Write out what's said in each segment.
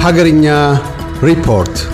Hagarinya report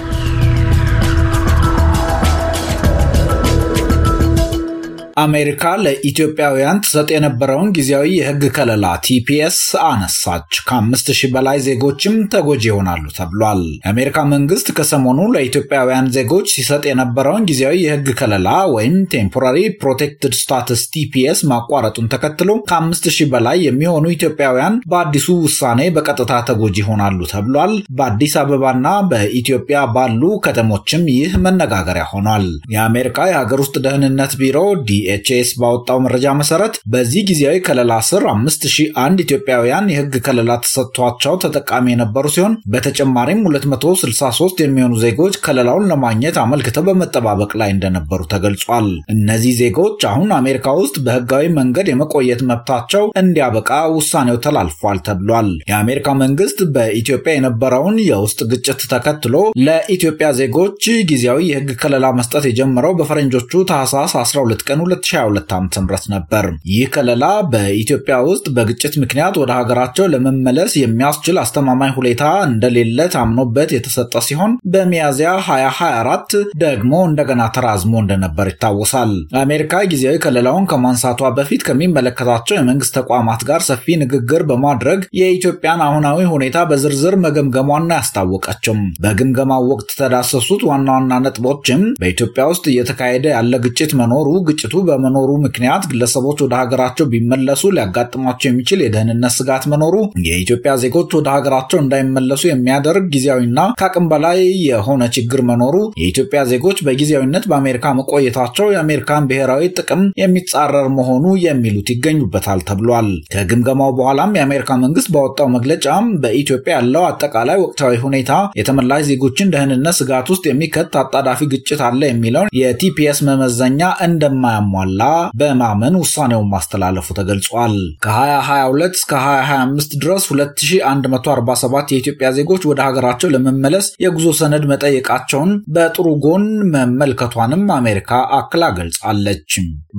አሜሪካ ለኢትዮጵያውያን ትሰጥ የነበረውን ጊዜያዊ የህግ ከለላ ቲፒኤስ አነሳች። ከአምስት ሺህ በላይ ዜጎችም ተጎጂ ይሆናሉ ተብሏል። የአሜሪካ መንግስት ከሰሞኑ ለኢትዮጵያውያን ዜጎች ሲሰጥ የነበረውን ጊዜያዊ የህግ ከለላ ወይም ቴምፖራሪ ፕሮቴክትድ ስታትስ ቲፒኤስ ማቋረጡን ተከትሎ ከአምስት ሺህ በላይ የሚሆኑ ኢትዮጵያውያን በአዲሱ ውሳኔ በቀጥታ ተጎጂ ይሆናሉ ተብሏል። በአዲስ አበባና በኢትዮጵያ ባሉ ከተሞችም ይህ መነጋገሪያ ሆኗል። የአሜሪካ የሀገር ውስጥ ደህንነት ቢሮ ዲ ዲኤችኤስ ባወጣው መረጃ መሰረት በዚህ ጊዜያዊ ከለላ ስር 5001 ኢትዮጵያውያን የህግ ከለላ ተሰጥቷቸው ተጠቃሚ የነበሩ ሲሆን በተጨማሪም 263 የሚሆኑ ዜጎች ከለላውን ለማግኘት አመልክተው በመጠባበቅ ላይ እንደነበሩ ተገልጿል። እነዚህ ዜጎች አሁን አሜሪካ ውስጥ በህጋዊ መንገድ የመቆየት መብታቸው እንዲያበቃ ውሳኔው ተላልፏል ተብሏል። የአሜሪካ መንግስት በኢትዮጵያ የነበረውን የውስጥ ግጭት ተከትሎ ለኢትዮጵያ ዜጎች ጊዜያዊ የህግ ከለላ መስጠት የጀመረው በፈረንጆቹ ታህሳስ 12 ቀን 2022 ዓ.ም ነበር። ይህ ከለላ በኢትዮጵያ ውስጥ በግጭት ምክንያት ወደ ሀገራቸው ለመመለስ የሚያስችል አስተማማኝ ሁኔታ እንደሌለ ታምኖበት የተሰጠ ሲሆን በሚያዝያ 2024 ደግሞ እንደገና ተራዝሞ እንደነበር ይታወሳል። አሜሪካ ጊዜያዊ ከለላውን ከማንሳቷ በፊት ከሚመለከታቸው የመንግስት ተቋማት ጋር ሰፊ ንግግር በማድረግ የኢትዮጵያን አሁናዊ ሁኔታ በዝርዝር መገምገሟና ያስታወቀችም። በግምገማው ወቅት ተዳሰሱት ዋና ዋና ነጥቦችም በኢትዮጵያ ውስጥ እየተካሄደ ያለ ግጭት መኖሩ ግጭቱ በመኖሩ ምክንያት ግለሰቦች ወደ ሀገራቸው ቢመለሱ ሊያጋጥማቸው የሚችል የደህንነት ስጋት መኖሩ የኢትዮጵያ ዜጎች ወደ ሀገራቸው እንዳይመለሱ የሚያደርግ ጊዜያዊና ከአቅም በላይ የሆነ ችግር መኖሩ የኢትዮጵያ ዜጎች በጊዜያዊነት በአሜሪካ መቆየታቸው የአሜሪካን ብሔራዊ ጥቅም የሚጻረር መሆኑ የሚሉት ይገኙበታል ተብሏል። ከግምገማው በኋላም የአሜሪካ መንግስት ባወጣው መግለጫም በኢትዮጵያ ያለው አጠቃላይ ወቅታዊ ሁኔታ የተመላሽ ዜጎችን ደህንነት ስጋት ውስጥ የሚከት አጣዳፊ ግጭት አለ የሚለውን የቲፒኤስ መመዘኛ እንደማያሟ እንደሚያሟላ በማመን ውሳኔውን ማስተላለፉ ተገልጿል። ከ2022 እስከ 2025 ድረስ 2147 የኢትዮጵያ ዜጎች ወደ ሀገራቸው ለመመለስ የጉዞ ሰነድ መጠየቃቸውን በጥሩ ጎን መመልከቷንም አሜሪካ አክላ ገልጻለች።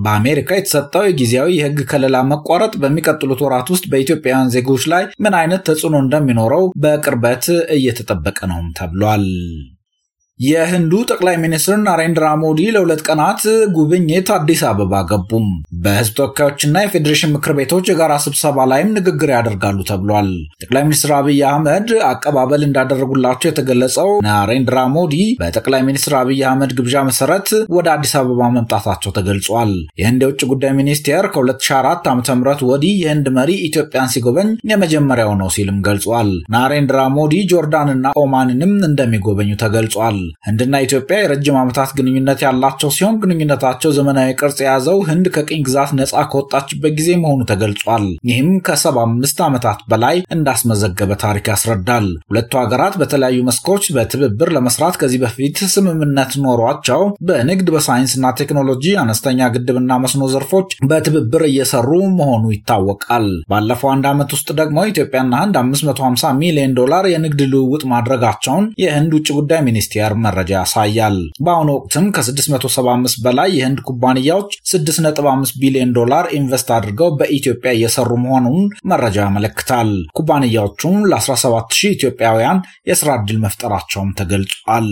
በአሜሪካ የተሰጠው የጊዜያዊ የህግ ከለላ መቋረጥ በሚቀጥሉት ወራት ውስጥ በኢትዮጵያውያን ዜጎች ላይ ምን አይነት ተጽዕኖ እንደሚኖረው በቅርበት እየተጠበቀ ነውም ተብሏል። የህንዱ ጠቅላይ ሚኒስትር ናሬንድራ ሞዲ ለሁለት ቀናት ጉብኝት አዲስ አበባ ገቡም። በህዝብ ተወካዮችና የፌዴሬሽን ምክር ቤቶች የጋራ ስብሰባ ላይም ንግግር ያደርጋሉ ተብሏል። ጠቅላይ ሚኒስትር አብይ አህመድ አቀባበል እንዳደረጉላቸው የተገለጸው ናሬንድራ ሞዲ በጠቅላይ ሚኒስትር አብይ አህመድ ግብዣ መሰረት ወደ አዲስ አበባ መምጣታቸው ተገልጿል። የህንድ የውጭ ጉዳይ ሚኒስቴር ከ2004 ዓ ም ወዲህ የህንድ መሪ ኢትዮጵያን ሲጎበኝ የመጀመሪያው ነው ሲልም ገልጿል። ናሬንድራ ሞዲ ጆርዳንና ኦማንንም እንደሚጎበኙ ተገልጿል። ህንድና ኢትዮጵያ የረጅም ዓመታት ግንኙነት ያላቸው ሲሆን ግንኙነታቸው ዘመናዊ ቅርጽ የያዘው ህንድ ከቅኝ ግዛት ነጻ ከወጣችበት ጊዜ መሆኑ ተገልጿል። ይህም ከሰባ አምስት ዓመታት በላይ እንዳስመዘገበ ታሪክ ያስረዳል። ሁለቱ ሀገራት በተለያዩ መስኮች በትብብር ለመስራት ከዚህ በፊት ስምምነት ኖሯቸው በንግድ በሳይንስና ቴክኖሎጂ አነስተኛ ግድብና መስኖ ዘርፎች በትብብር እየሰሩ መሆኑ ይታወቃል። ባለፈው አንድ ዓመት ውስጥ ደግሞ ኢትዮጵያና ህንድ 550 ሚሊዮን ዶላር የንግድ ልውውጥ ማድረጋቸውን የህንድ ውጭ ጉዳይ ሚኒስቴር መረጃ ያሳያል። በአሁኑ ወቅትም ከ675 በላይ የህንድ ኩባንያዎች 6.5 ቢሊዮን ዶላር ኢንቨስት አድርገው በኢትዮጵያ እየሰሩ መሆኑን መረጃ ያመለክታል። ኩባንያዎቹም ለ17 ኢትዮጵያውያን የስራ ዕድል መፍጠራቸውም ተገልጿል።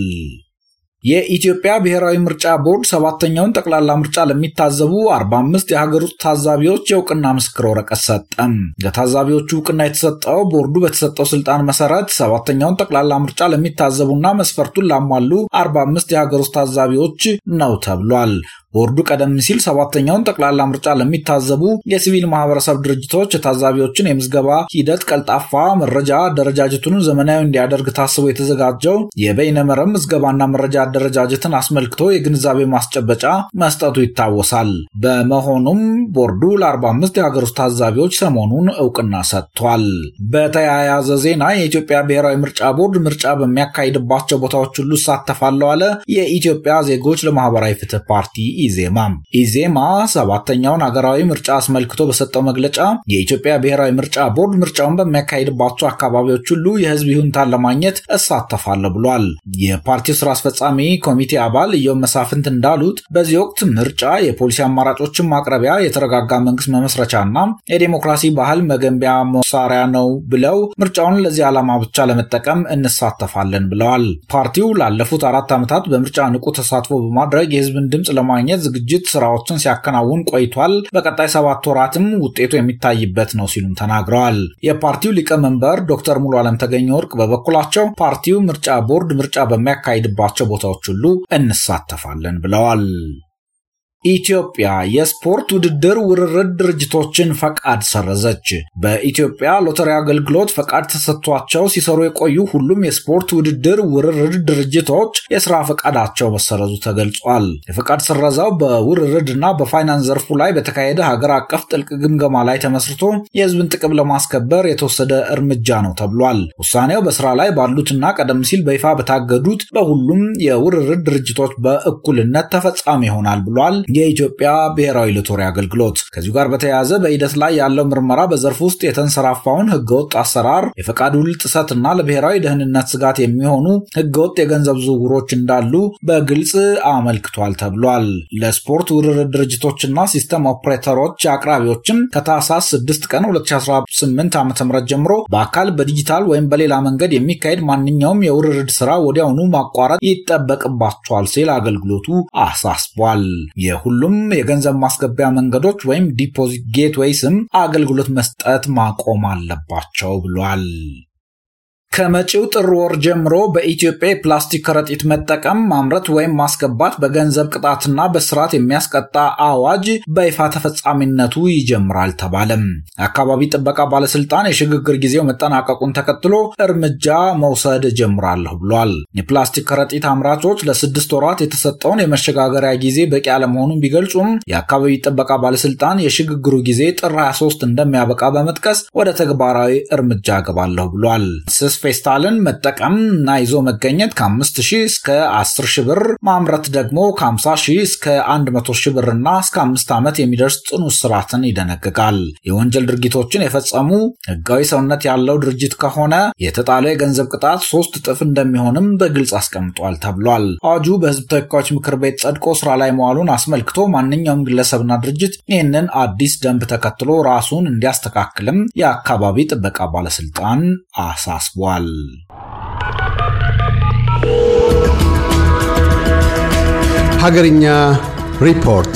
የኢትዮጵያ ብሔራዊ ምርጫ ቦርድ ሰባተኛውን ጠቅላላ ምርጫ ለሚታዘቡ 45 የሀገር ውስጥ ታዛቢዎች የእውቅና ምስክር ወረቀት ሰጠም። ለታዛቢዎቹ እውቅና የተሰጠው ቦርዱ በተሰጠው ስልጣን መሰረት ሰባተኛውን ጠቅላላ ምርጫ ለሚታዘቡና መስፈርቱን ላሟሉ 45 የሀገር ውስጥ ታዛቢዎች ነው ተብሏል። ቦርዱ ቀደም ሲል ሰባተኛውን ጠቅላላ ምርጫ ለሚታዘቡ የሲቪል ማህበረሰብ ድርጅቶች የታዛቢዎችን የምዝገባ ሂደት ቀልጣፋ፣ መረጃ አደረጃጀቱን ዘመናዊ እንዲያደርግ ታስቦ የተዘጋጀው የበይነመረብ ምዝገባና መረጃ አደረጃጀትን አስመልክቶ የግንዛቤ ማስጨበጫ መስጠቱ ይታወሳል። በመሆኑም ቦርዱ ለ45 የሀገር ውስጥ ታዛቢዎች ሰሞኑን እውቅና ሰጥቷል። በተያያዘ ዜና የኢትዮጵያ ብሔራዊ ምርጫ ቦርድ ምርጫ በሚያካሂድባቸው ቦታዎች ሁሉ እሳተፋለሁ አለ። የኢትዮጵያ ዜጎች ለማህበራዊ ፍትህ ፓርቲ ኢዜማ። ኢዜማ ሰባተኛውን ሀገራዊ ምርጫ አስመልክቶ በሰጠው መግለጫ የኢትዮጵያ ብሔራዊ ምርጫ ቦርድ ምርጫውን በሚያካሂድባቸው አካባቢዎች ሁሉ የህዝብ ይሁንታን ለማግኘት እሳተፋለሁ ብሏል። የፓርቲው ስራ አስፈጻሚ ኮሚቴ አባል እዮም መሳፍንት እንዳሉት በዚህ ወቅት ምርጫ የፖሊሲ አማራጮችን ማቅረቢያ፣ የተረጋጋ መንግስት መመስረቻና የዴሞክራሲ ባህል መገንቢያ መሳሪያ ነው ብለው ምርጫውን ለዚህ ዓላማ ብቻ ለመጠቀም እንሳተፋለን ብለዋል። ፓርቲው ላለፉት አራት ዓመታት በምርጫ ንቁ ተሳትፎ በማድረግ የህዝብን ድምፅ ለማግኘት ለማግኘት ዝግጅት ስራዎችን ሲያከናውን ቆይቷል። በቀጣይ ሰባት ወራትም ውጤቱ የሚታይበት ነው ሲሉም ተናግረዋል። የፓርቲው ሊቀመንበር ዶክተር ሙሉ አለም ተገኘ ወርቅ በበኩላቸው ፓርቲው ምርጫ ቦርድ ምርጫ በሚያካሂድባቸው ቦታዎች ሁሉ እንሳተፋለን ብለዋል። ኢትዮጵያ የስፖርት ውድድር ውርርድ ድርጅቶችን ፈቃድ ሰረዘች። በኢትዮጵያ ሎተሪ አገልግሎት ፈቃድ ተሰጥቷቸው ሲሰሩ የቆዩ ሁሉም የስፖርት ውድድር ውርርድ ድርጅቶች የስራ ፈቃዳቸው መሰረዙ ተገልጿል። የፈቃድ ሰረዛው እና በፋይናንስ ዘርፉ ላይ በተካሄደ ሀገር አቀፍ ጥልቅ ግምገማ ላይ ተመስርቶ የህዝብን ጥቅም ለማስከበር የተወሰደ እርምጃ ነው ተብሏል። ውሳኔው በስራ ላይ ባሉትና ቀደም ሲል በይፋ በታገዱት በሁሉም የውርርድ ድርጅቶች በእኩልነት ተፈጻሚ ይሆናል ብሏል። የኢትዮጵያ ብሔራዊ ሎተሪ አገልግሎት። ከዚሁ ጋር በተያያዘ በሂደት ላይ ያለው ምርመራ በዘርፍ ውስጥ የተንሰራፋውን ህገወጥ አሰራር፣ የፈቃድ ውል ጥሰትና ለብሔራዊ ደህንነት ስጋት የሚሆኑ ህገወጥ የገንዘብ ዝውውሮች እንዳሉ በግልጽ አመልክቷል ተብሏል። ለስፖርት ውድድር ድርጅቶችና ሲስተም ኦፕሬተሮች አቅራቢዎችም ከታህሳስ 6 ቀን 2018 ዓ ም ጀምሮ በአካል በዲጂታል ወይም በሌላ መንገድ የሚካሄድ ማንኛውም የውርርድ ስራ ወዲያውኑ ማቋረጥ ይጠበቅባቸዋል ሲል አገልግሎቱ አሳስቧል። ሁሉም የገንዘብ ማስገቢያ መንገዶች ወይም ዲፖዚት ጌትዌይ አገልግሎት መስጠት ማቆም አለባቸው ብሏል። ከመጪው ጥር ወር ጀምሮ በኢትዮጵያ የፕላስቲክ ከረጢት መጠቀም፣ ማምረት ወይም ማስገባት በገንዘብ ቅጣትና በስርዓት የሚያስቀጣ አዋጅ በይፋ ተፈጻሚነቱ ይጀምራል ተባለም። የአካባቢ ጥበቃ ባለስልጣን የሽግግር ጊዜው መጠናቀቁን ተከትሎ እርምጃ መውሰድ ጀምራለሁ ብሏል። የፕላስቲክ ከረጢት አምራቾች ለስድስት ወራት የተሰጠውን የመሸጋገሪያ ጊዜ በቂ አለመሆኑን ቢገልጹም የአካባቢ ጥበቃ ባለስልጣን የሽግግሩ ጊዜ ጥር 23 እንደሚያበቃ በመጥቀስ ወደ ተግባራዊ እርምጃ ገባለሁ ብሏል። ፌስታልን መጠቀም እና ይዞ መገኘት ከ 5000 ሺህ እስከ 10 ብር፣ ማምረት ደግሞ ከ50 ሺህ እስከ 100 ብር እና እስከ 5 ዓመት የሚደርስ ጽኑ እስራትን ይደነግጋል። የወንጀል ድርጊቶችን የፈጸሙ ህጋዊ ሰውነት ያለው ድርጅት ከሆነ የተጣለው የገንዘብ ቅጣት ሶስት እጥፍ እንደሚሆንም በግልጽ አስቀምጧል ተብሏል። አዋጁ በህዝብ ተወካዮች ምክር ቤት ጸድቆ ስራ ላይ መዋሉን አስመልክቶ ማንኛውም ግለሰብና ድርጅት ይህንን አዲስ ደንብ ተከትሎ ራሱን እንዲያስተካክልም የአካባቢ ጥበቃ ባለስልጣን አሳስቧል። ተናግረዋል። ሀገርኛ ሪፖርት